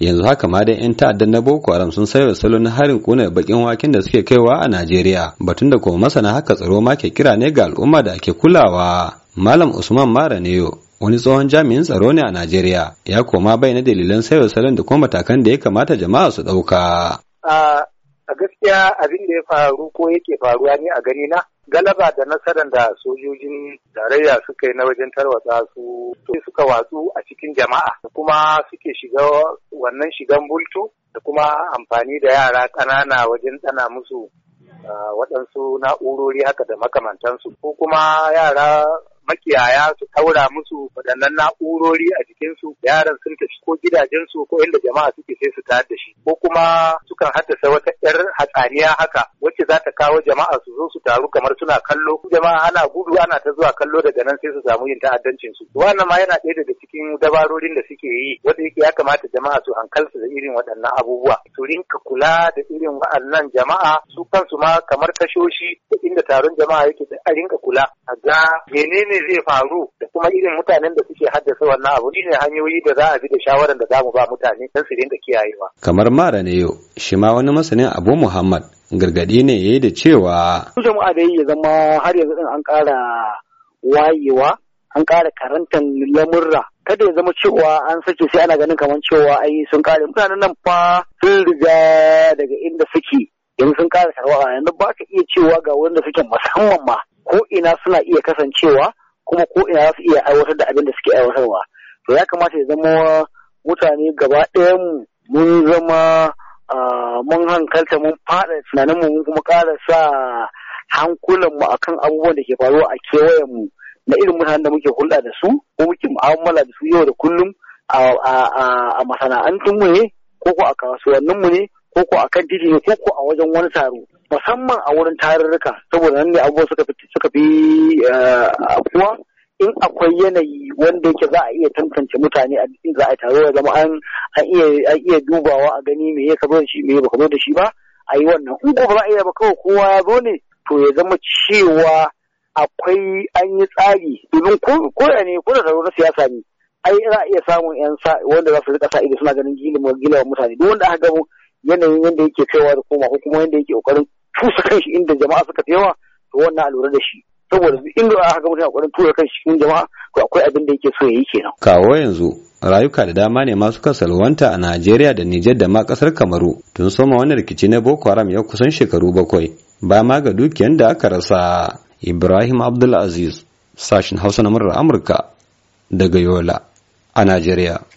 yanzu haka ma dai yan ta'addan na boko haram sun sayar salon harin kuna bakin waken da suke kaiwa a najeriya batun da kuma masana haka tsaro ma ke kira ne ga al'umma da ake kulawa malam usman mara neyo wani tsohon jami'in tsaro ne a najeriya ya koma bai na dalilan sayar salon da kuma matakan da ya kamata jama'a su ɗauka. a gaskiya abin da ya faru ko yake faruwa ne a gani na galaba da nasarar da sojojin tarayya suka yi na wajen tarwatsa su suka watsu a cikin jama'a da kuma suke shiga wannan shigan bultu da kuma amfani da yara ƙanana wajen tsana musu waɗansu na'urori haka da makamantansu ko kuma yara makiyaya su taura musu waɗannan na'urori a jikinsu yaran sun tafi ko gidajensu ko inda jama'a suke sai su tayar da shi ko kuma sukan haddasa wata 'yar hatsaniya haka wacce za ta kawo jama'a su zo su taru kamar suna kallo jama'a ana gudu ana ta zuwa kallo daga nan sai su samu yin ta'addancin su wannan ma yana ɗaya daga cikin dabarorin da suke yi wanda yake ya kamata jama'a su hankalsu da irin waɗannan abubuwa su rinka kula da irin waɗannan jama'a su kansu ma kamar tashoshi da inda taron jama'a yake da a rinka kula a ga menene zai faru da kuma irin mutanen da suke haddasa wannan abu ne hanyoyi da za a bi da shawaran da za mu ba mutane don su rinka kiyayewa kamar mara ne yau shi ma wani masanin abu muhammad gargadi ne ya yi da cewa su jama'a da ya zama har yanzu din an ƙara wayewa an ƙara karantar lamurra kada ya zama cewa an sake sai ana ganin kamar cewa ai sun kare. mutanen nan fa sun riga daga inda suke yanzu sun ƙara a yanzu ba ka iya cewa ga wanda suke musamman ma ko ina suna iya kasancewa kuma ko ina za su iya aiwatar da abin da suke aiwatarwa to ya kamata ya zama mutane gaba ɗayan mun zama mun hankalta mun faɗa tunaninmu mun kuma ƙara sa hankulanmu akan abubuwan da ke faruwa a kewayenmu na irin mutanen da muke hulɗa da su ko muke mu'amala da su yau da kullum a masana'antunmu ne ko ko a kasuwanninmu ne ko ko a kan titi ne ko ko a wajen wani taro musamman a wurin tarurruka saboda nan ne abubuwa suka fi suka fi eh, afuwa in akwai yanayi wanda yake za a iya tantance mutane a cikin za a taro ya zama an iya dubawa a gani me ya kazo da shi me ya kazo da shi ba a yi wannan in ko ba za a iya ba kawai kowa ya zo ne to ya zama cewa akwai an yi tsari domin ko ya ne ko da taro na siyasa ne ai za a iya samun yan wanda za su rika sa ido suna ganin gilimin gilawa mutane duk wanda aka gamo yanayin yadda yake kaiwa da koma ko kuma yadda yake kokarin tusa kanshi inda jama'a suka fi yawa to wannan a lura da shi saboda da aka gabatar mutum a ƙwarin tura kan cikin jama'a ko akwai abin da yake so ya yi kenan. kawo yanzu rayuka da dama ne masu salwanta a najeriya da nijar da ma ƙasar kamaru tun soma wani rikici na boko haram ya kusan shekaru bakwai ba ma ga dukiyan da aka rasa ibrahim abdulaziz sashin hausa na murar amurka daga yola a najeriya